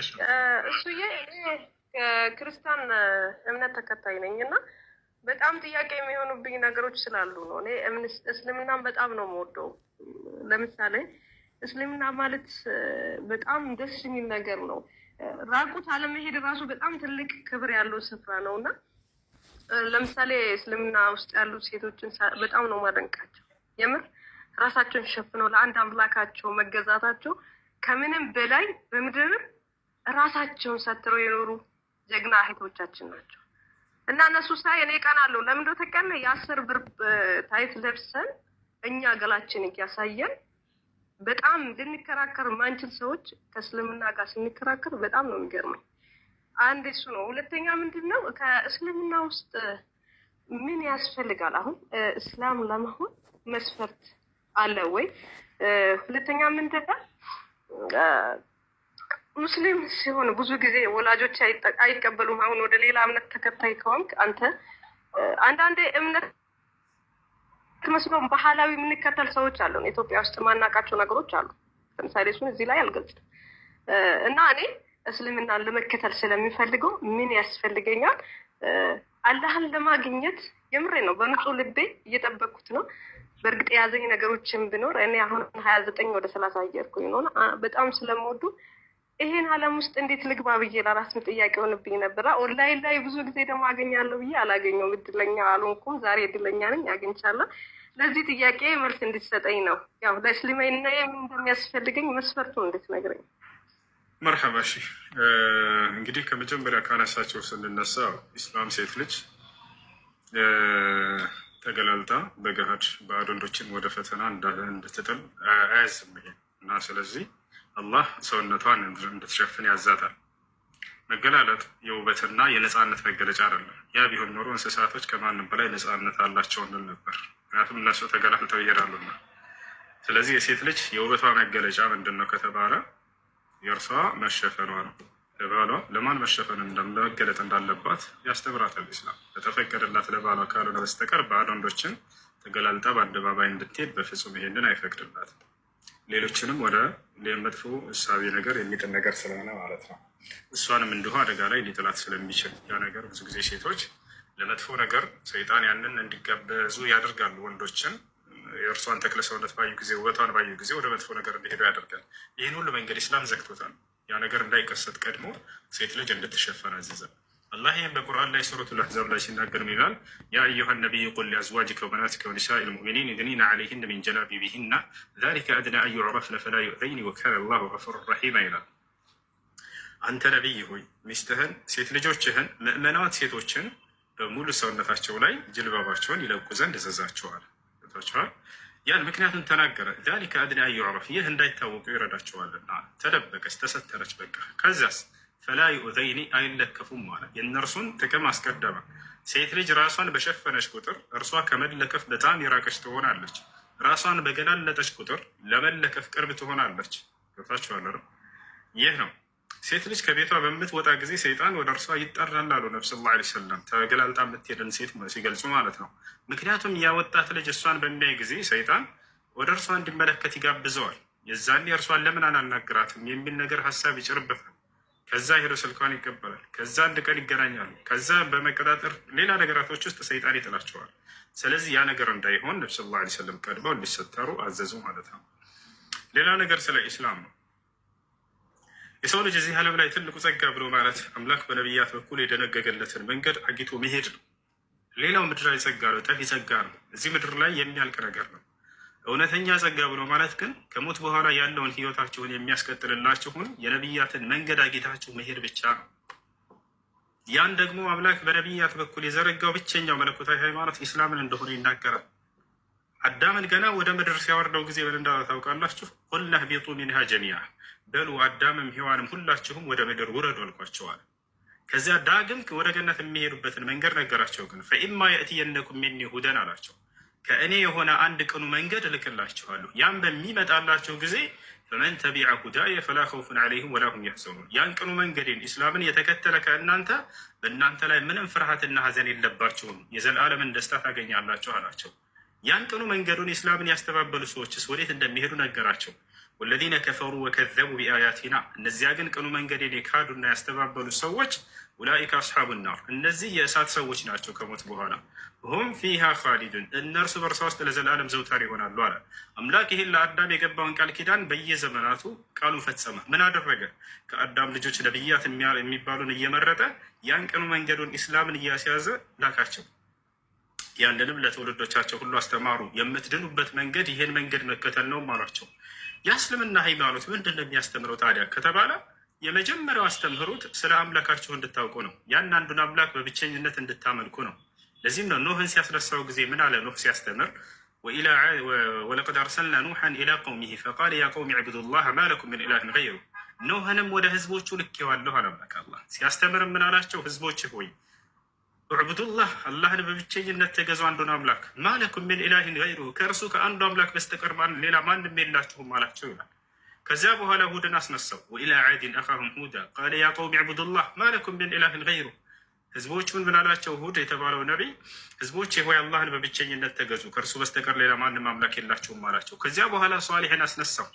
እሱዬ እኔ ክርስቲያን እምነት ተከታይ ነኝ እና በጣም ጥያቄ የሚሆኑብኝ ነገሮች ስላሉ ነው። እኔ እስልምናን በጣም ነው የምወደው። ለምሳሌ እስልምና ማለት በጣም ደስ የሚል ነገር ነው። ራቁት አለመሄድ ራሱ በጣም ትልቅ ክብር ያለው ስፍራ ነው እና ለምሳሌ እስልምና ውስጥ ያሉ ሴቶችን በጣም ነው ማደንቃቸው። የምር ራሳቸውን ሸፍነው ለአንድ አምላካቸው መገዛታቸው ከምንም በላይ በምድርም ራሳቸውን ሰትረው የኖሩ ጀግና እህቶቻችን ናቸው እና እነሱ ሳይ እኔ ቀናለሁ። ለምንድ ተቀና የአስር ብር ታይት ለብሰን እኛ ገላችን እያሳየን በጣም ልንከራከር ማንችል ሰዎች ከእስልምና ጋር ስንከራከር በጣም ነው የሚገርመኝ። አንድ እሱ ነው። ሁለተኛ ምንድን ነው ከእስልምና ውስጥ ምን ያስፈልጋል? አሁን እስላም ለመሆን መስፈርት አለ ወይ? ሁለተኛ ምንድን ነው ሙስሊም ሲሆን ብዙ ጊዜ ወላጆች አይቀበሉም። አሁን ወደ ሌላ እምነት ተከታይ ከሆንክ አንተ አንዳንዴ እምነት መስሎ ባህላዊ የምንከተል ሰዎች አሉ። ኢትዮጵያ ውስጥ ማናቃቸው ነገሮች አሉ። ለምሳሌ እሱን እዚህ ላይ አልገልጽም እና እኔ እስልምናን ለመከተል ስለሚፈልገው ምን ያስፈልገኛል? አላህን ለማግኘት የምሬ ነው፣ በንጹህ ልቤ እየጠበቅኩት ነው። በእርግጥ የያዘኝ ነገሮችን ብኖር እኔ አሁን ሀያ ዘጠኝ ወደ ሰላሳ አየርኩኝ ነው በጣም ስለምወዱ ይሄን ዓለም ውስጥ እንዴት ልግባ ብዬ ለራስም ጥያቄ ሆንብኝ ነበረ። ኦንላይን ላይ ብዙ ጊዜ ደግሞ አገኛለሁ ብዬ አላገኘውም። እድለኛ አልሆንኩም። ዛሬ እድለኛ ነኝ፣ አግኝቻለሁ። ለዚህ ጥያቄ መልስ እንድትሰጠኝ ነው። ያው ለእስልምና እንደሚያስፈልገኝ መስፈርቱን እንድትነግረኝ። መርሐባ። እሺ እንግዲህ ከመጀመሪያ ካነሳቸው ስንነሳ ኢስላም ሴት ልጅ ተገላልጣ በገሃድ ባዕድ ወደ ፈተና እንድትጥል አያዝም ይሄ እና ስለዚህ አላህ ሰውነቷን እንድትሸፍን ያዛታል። መገላለጥ የውበትና የነፃነት መገለጫ አይደለም። ያ ቢሆን ኖሮ እንስሳቶች ከማንም በላይ ነፃነት አላቸው እንል ነበር። ምክንያቱም እነሱ ተገላልጠው ይሄዳሉና። ስለዚህ የሴት ልጅ የውበቷ መገለጫ ምንድን ነው ከተባለ የእርሷ መሸፈኗ ነው። ለባሏ ለማን መሸፈን እንደመገለጥ እንዳለባት ያስተምራታል ኢስላም። ለተፈቀደላት ለባሏ ካልሆነ በስተቀር ባል ወንዶችን ተገላልጣ በአደባባይ እንድትሄድ በፍጹም ይሄንን አይፈቅድላትም። ሌሎችንም ወደ መጥፎ እሳቤ ነገር የሚጥል ነገር ስለሆነ ማለት ነው። እሷንም እንዲሁ አደጋ ላይ ሊጥላት ስለሚችል ያ ነገር ብዙ ጊዜ ሴቶች ለመጥፎ ነገር ሰይጣን ያንን እንዲጋበዙ ያደርጋሉ። ወንዶችን የእርሷን ተክለ ሰውነት ባዩ ጊዜ፣ ውበቷን ባዩ ጊዜ ወደ መጥፎ ነገር እንዲሄዱ ያደርጋል። ይህን ሁሉ መንገድ ስላም ዘግቶታል። ያ ነገር እንዳይከሰት ቀድሞ ሴት ልጅ እንድትሸፈን አዘዘ። አላህ ይህም በቁርአን ላይ ሱረቱል አሕዛብ ላይ ሲናገር ምን ይላል? ያ አዩሃ ነቢይ ቁል ሊአዝዋጅከ ወበናቲከ ወኒሳኢ ልሙእሚኒን ዩድኒነ ዐለይሂነ ሚን ጀላቢቢሂነ ዛሊከ አድና አን ዩዕረፍነ ፈላ ዩዕዘይኒ ወካነ አላሁ ገፉረን ረሒማ ይላል። አንተ ነቢይ ሆይ ሚስትህን፣ ሴት ልጆችህን፣ ምእመናት ሴቶችን በሙሉ ሰውነታቸው ላይ ጅልባባቸውን ይለቁ ዘንድ እዘዛቸዋል። ታቸዋል ያን ምክንያቱን ተናገረ። ዛሊከ አድና አን ዩዕረፍ ይህ እንዳይታወቁ ይረዳቸዋልና። ተደበቀች፣ ተሰተረች። በቃ ከዚያስ ፈላ ዩዕዘይኒ አይለከፉም ማለት የእነርሱን ጥቅም አስቀደመ። ሴት ልጅ ራሷን በሸፈነች ቁጥር እርሷ ከመለከፍ በጣም የራቀች ትሆናለች። ራሷን በገላለጠች ቁጥር ለመለከፍ ቅርብ ትሆናለች። ገብታችኋል? ይህ ነው ሴት ልጅ ከቤቷ በምትወጣ ጊዜ ሰይጣን ወደ እርሷ ይጠራል አሉ ነብ ላ ሰለም ተገላልጣ የምትሄድን ሴት ሲገልጹ ማለት ነው። ምክንያቱም ያወጣት ልጅ እሷን በሚያይ ጊዜ ሰይጣን ወደ እርሷ እንዲመለከት ይጋብዘዋል። የዛኔ እርሷን ለምን አላናግራትም የሚል ነገር ሀሳብ ይጭርበታል። ከዛ ሄዶ ስልኳን ይቀበላል። ከዛ አንድ ቀን ይገናኛሉ። ከዛ በመቀጣጠር ሌላ ነገራቶች ውስጥ ሰይጣን ይጥላቸዋል። ስለዚህ ያ ነገር እንዳይሆን ነብስ ላ ሰለም ቀድመው እንዲሰተሩ አዘዙ ማለት ነው። ሌላ ነገር ስለ ኢስላም ነው። የሰው ልጅ እዚህ ዓለም ላይ ትልቁ ጸጋ ብሎ ማለት አምላክ በነቢያት በኩል የደነገገለትን መንገድ አጊቶ መሄድ ነው። ሌላው ምድራዊ ጸጋ ነው፣ ጠፊ ጸጋ ነው። እዚህ ምድር ላይ የሚያልቅ ነገር ነው። እውነተኛ ጸጋ ብሎ ማለት ግን ከሞት በኋላ ያለውን ህይወታችሁን የሚያስቀጥልላችሁን የነቢያትን መንገድ አጌታችሁ መሄድ ብቻ ነው። ያን ደግሞ አምላክ በነቢያት በኩል የዘረጋው ብቸኛው መለኮታዊ ሃይማኖት ኢስላምን እንደሆነ ይናገራል። አዳምን ገና ወደ ምድር ሲያወርደው ጊዜ ምን እንዳለ ታውቃላችሁ? ቁልና ቤጡ ሚንሃ ጀሚያ፣ በሉ አዳምም ሔዋንም ሁላችሁም ወደ ምድር ውረዱ አልኳቸዋል። ከዚያ ዳግም ወደ ገነት የሚሄዱበትን መንገድ ነገራቸው። ግን ፈኢማ የእትየነኩም ሚኒ ሁደን አላቸው ከእኔ የሆነ አንድ ቅኑ መንገድ እልክላችኋለሁ። ያም በሚመጣላቸው ጊዜ ፈመን ተቢዐ ሁዳየ ፈላ ኸውፉን ዐለይሂም ወላሁም ያሕዘኑን። ያን ቅኑ መንገዴን ኢስላምን የተከተለ ከእናንተ በእናንተ ላይ ምንም ፍርሃትና ሀዘን የለባቸውም፣ የዘላለምን ደስታ ታገኛላችሁ አላቸው። ያን ቅኑ መንገዱን ኢስላምን ያስተባበሉ ሰዎችስ ወዴት እንደሚሄዱ ነገራቸው። ወለዚነ ከፈሩ ወከዘቡ ቢአያቲና እነዚያ ግን ቅኑ መንገዴን የካዱና ያስተባበሉ ሰዎች ኡላኢከ አስሓቡ ናር እነዚህ የእሳት ሰዎች ናቸው ከሞት በኋላ ሁም ፊሃ ካሊዱን እነርሱ በእርሷ ውስጥ ለዘላለም ዘውታር ይሆናሉ አለ አምላክ ይህን ለአዳም የገባውን ቃል ኪዳን በየዘመናቱ ቃሉን ፈጸመ ምን አደረገ ከአዳም ልጆች ነብያት የሚባሉን እየመረጠ ያን ቅኑ መንገዱን ኢስላምን እያስያዘ ላካቸው ያንንም ለትውልዶቻቸው ሁሉ አስተማሩ የምትድኑበት መንገድ ይህን መንገድ መከተል ነው አሏቸው የእስልምና ሃይማኖት ምንድን ነው የሚያስተምረው ታዲያ ከተባለ የመጀመሪያው አስተምህሮት ስለ አምላካችሁ እንድታውቁ ነው። ያን አንዱን አምላክ በብቸኝነት እንድታመልኩ ነው። ለዚህም ነው ኖህን ሲያስነሳው ጊዜ ምን አለ? ኖህ ሲያስተምር ወለቀድ አርሰልና ኑሐን ኢላ ቀውሚሂ ፈቃለ ያ ቀውሚ ዕቡዱላህ ማ ለኩም ሚን ኢላሂን ገይሩ ኖህንም ወደ ህዝቦቹ ልኬዋለሁ አለ አምላክ አላህ። ሲያስተምርም ምን አላቸው? ህዝቦች ሆይ ዕቡዱላህ አላህን በብቸኝነት ተገዙ አንዱን አምላክ ማለኩም ምን ኢላህን ገይሩሁ ከእርሱ ከአንዱ አምላክ በስተቀር ሌላ ማንም የላችሁም አላቸው ይላል። ከዚያ በኋላ ሁድን አስነሳው። ወኢላ ዓድን አኻሁም ሁዳ ቃለ ያ ቀውም ዕቡዱላህ ማለኩም ሚን ኢላህን ገይሩሁ። ህዝቦች ምን ብላላቸው? ሁድ የተባለው ነቢይ ህዝቦች የሆይ አላህን በብቸኝነት ተገዙ ከእርሱ በስተቀር ሌላ ማንም አምላክ የላችሁም አላቸው። ከዚያ በኋላ ሷሊሕን አስነሳው።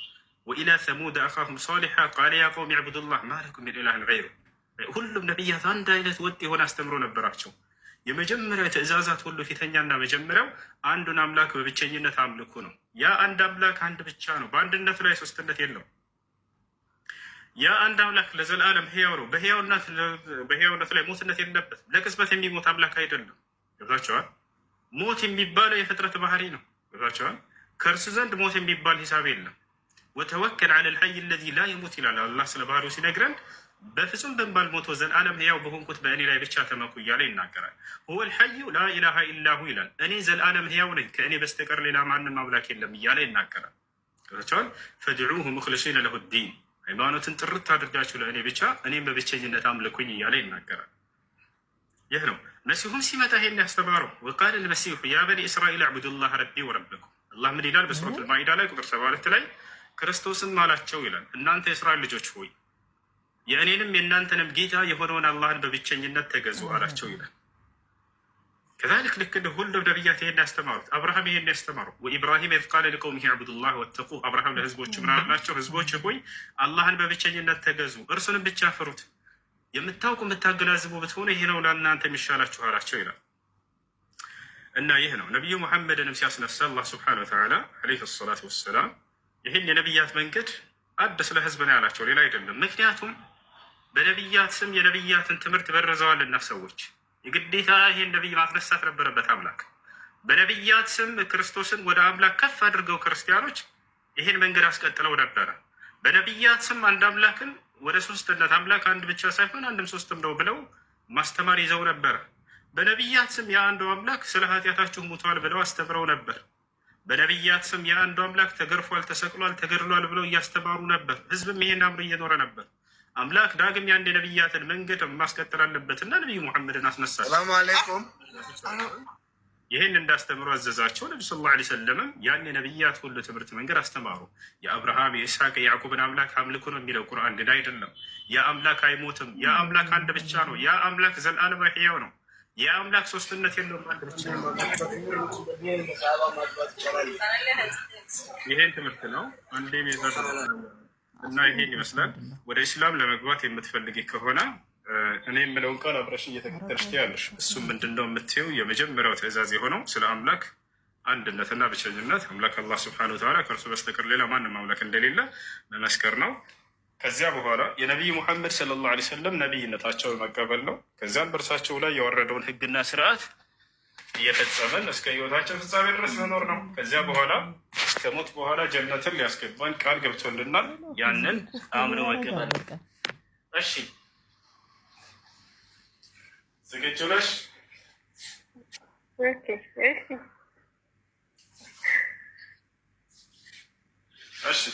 ወኢላ ተሙድ አኻሁም ሷሊሓ ቃለ ያ ቀውም ዕቡዱላህ ማለኩም ሚን ኢላሂን ገይሩሁ ሁሉም ነቢያት አንድ አይነት ወጥ የሆነ አስተምሮ ነበራቸው። የመጀመሪያ ትእዛዛት ሁሉ ፊተኛና መጀመሪያው አንዱን አምላክ በብቸኝነት አምልኩ ነው። ያ አንድ አምላክ አንድ ብቻ ነው። በአንድነቱ ላይ ሶስትነት የለው። ያ አንድ አምላክ ለዘላለም ህያው ነው። በህያውነቱ ላይ ሞትነት የለበትም። ለቅጽበት የሚሞት አምላክ አይደለም። ገብታቸዋል። ሞት የሚባለው የፍጥረት ባህሪ ነው። ገብታቸዋል። ከእርሱ ዘንድ ሞት የሚባል ሂሳብ የለም። ወተወከል አለል ሀይ ለዚ ላ የሞት ይላል አላህ ስለ ባህሪው ሲነግረን በፍጹም በማልሞት ወዘን ዓለም ህያው በሆንኩት በእኔ ላይ ብቻ ተመኩ እያለ ይናገራል። ሁወል ሐዩ ላኢላሃ ኢላሁ ይላል። እኔ ዘልዓለም ህያው ነኝ፣ ከእኔ በስተቀር ሌላ ማንም አምላክ የለም እያለ ይናገራል። ቸዋል ፈድዑሁ ሙክልሲነ ለሁ ዲን፣ ሃይማኖትን ጥርት አድርጋችሁ ለእኔ ብቻ እኔም በብቸኝነት አምልኩኝ እያለ ይናገራል። ይህ ነው መሲሁም ሲመጣ ይሄን ያስተማረው። ወቃል ልመሲሁ ያ በኒ እስራኤል አዕቡዱላህ ረቢ ወረበኩም። አላህ ምን ይላል በሱረት ልማኢዳ ላይ ቁጥር 72 ላይ ክርስቶስም አላቸው ይላል እናንተ የእስራኤል ልጆች ሆይ የእኔንም የእናንተንም ጌታ የሆነውን አላህን በብቸኝነት ተገዙ አላቸው ይላል። ከዛልክ ልክ እንደ ሁሉም ነቢያት ይሄን ያስተማሩት አብርሃም ይሄን ያስተማሩ ወኢብራሂም ኢዝ ቃለ ሊቀውሚሂ ዕቡዱላህ ወተቁ አብርሃም ለህዝቦች ምናምን ናቸው ህዝቦች ሆይ አላህን በብቸኝነት ተገዙ እርሱንም ብቻ ፍሩት የምታውቁ የምታገናዝቡ ብትሆኑ ይሄ ነው ለእናንተ የሚሻላችሁ አላቸው ይላል እና ይህ ነው ነቢዩ ሙሐመድንም ሲያስነሳ አላህ ሱብሓነሁ ወተዓላ ዓለይሂ ሰላቱ ወሰላም ይህን የነቢያት መንገድ አድስ ለህዝብ ነው ያላቸው ሌላ አይደለም ምክንያቱም በነቢያት ስም የነቢያትን ትምህርት በረዘዋልና ሰዎች የግዴታ ይሄን ነቢይ ማስነሳት ነበረበት አምላክ። በነቢያት ስም ክርስቶስን ወደ አምላክ ከፍ አድርገው ክርስቲያኖች ይሄን መንገድ አስቀጥለው ነበረ። በነቢያት ስም አንድ አምላክን ወደ ሶስትነት አምላክ አንድ ብቻ ሳይሆን አንድም ሶስትም ነው ብለው ማስተማር ይዘው ነበረ። በነቢያት ስም የአንዱ አምላክ ስለ ኃጢአታችሁ ሙቷል ብለው አስተምረው ነበር። በነቢያት ስም የአንዱ አምላክ ተገርፏል፣ ተሰቅሏል፣ ተገድሏል ብለው እያስተማሩ ነበር። ህዝብም ይሄን አምር እየኖረ ነበር። አምላክ ዳግም ያን የነብያትን መንገድ ማስቀጠል አለበትና ነቢዩ ሙሐመድን አስነሳ ሰላሙ አለይኩም ይህን እንዳስተምሩ አዘዛቸው። ነቢ ስ ላ ሰለምም ያን የነብያት ሁሉ ትምህርት መንገድ አስተማሩ። የአብርሃም የኢስሐቅ የያዕቁብን አምላክ አምልኩ ነው የሚለው ቁርአን ግን አይደለም። ያ አምላክ አይሞትም። ያ አምላክ አንድ ብቻ ነው። ያ አምላክ ዘላለም ሕያው ነው። ያ አምላክ ሶስትነት የለውም፣ አንድ ብቻ ነው። ይህን ትምህርት ነው አንዴ እና ይሄን ይመስላል። ወደ ኢስላም ለመግባት የምትፈልጊ ከሆነ እኔ የምለውን ቃል አብረሽ እየተከተልሽ ያለሽ። እሱም ምንድን ነው የምትይው? የመጀመሪያው ትዕዛዝ የሆነው ስለ አምላክ አንድነትና ብቸኝነት አምላክ አላህ ስብሐነሁ ወተዓላ ከእርሱ በስተቀር ሌላ ማንም አምላክ እንደሌለ መመስከር ነው። ከዚያ በኋላ የነቢይ ሙሐመድ ሰለላሁ ዓለይሂ ወሰለም ነቢይነታቸውን መቀበል ነው። ከዚያም በእርሳቸው ላይ የወረደውን ሕግና ስርዓት እየፈጸመን እስከ ህይወታቸው ፍጻሜ ድረስ መኖር ነው። ከዚያ በኋላ ከሞት በኋላ ጀነትን ሊያስገባን ቃል ገብቶልናል። ያንን አምኖ መቀበል። እሺ ዝግጁ ነሽ? እሺ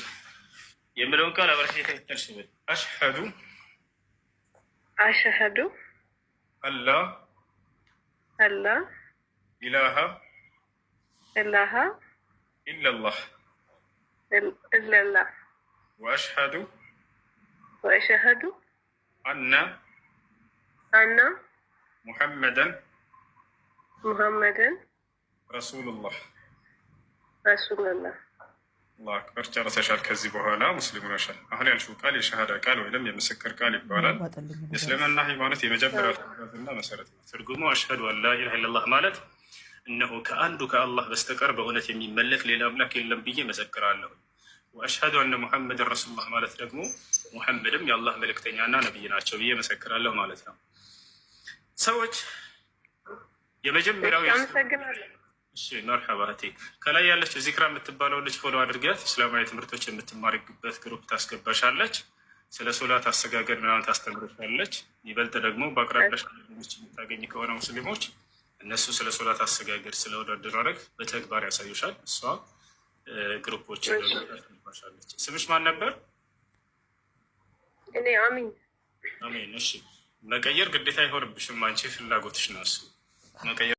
የምለውን ቃል አበርሽ ተከተል ስብል አሽሀዱ አሽሀዱ አላ አላ ኢላሃ ኢላሃ إلا الله إلا الله وأشهد وأشهد أن أن محمدا محمدا رسول الله رسول الله الله أكبر ترى تشال كذب وهلا مسلم رشال أهل الشو قال شهادة قال وإلم يمسكر قال يبقى يسلم الله مالتي مجبر الله مسارتي ترجمه أشهد أن لا إله إلا الله مالت እነሆ ከአንዱ ከአላህ በስተቀር በእውነት የሚመለክ ሌላ አምላክ የለም ብዬ መሰክራለሁ። ወአሽሀዱ አነ ሙሐመድን ረሱሉላህ ማለት ደግሞ ሙሐመድም የአላህ መልእክተኛና ነቢይ ናቸው ብዬ መሰክራለሁ ማለት ነው። ሰዎች የመጀመሪያው መርሐባ እህቴ፣ ከላይ ያለችው ዚክራ የምትባለው ልጅ ፎሎ አድርጊያት። እስላማዊ ትምህርቶች የምትማርግበት ግሩፕ ታስገባሻለች። ስለ ሶላት አሰጋገድ ምናምን ታስተምርሻለች። ይበልጥ ደግሞ በአቅራቢያሽ የምታገኝ ከሆነ ሙስሊሞች እነሱ ስለ ሶላት አሰጋገድ ስለ ወዳደር አረግ በተግባር ያሳዩሻል። እሷ ግሩፖች ባሻለች። ስምሽ ማን ነበር? እኔ አሚን። አሚን። እሺ መቀየር ግዴታ አይሆንብሽም። አንቺ ፍላጎትሽ ነው እሱ መቀየር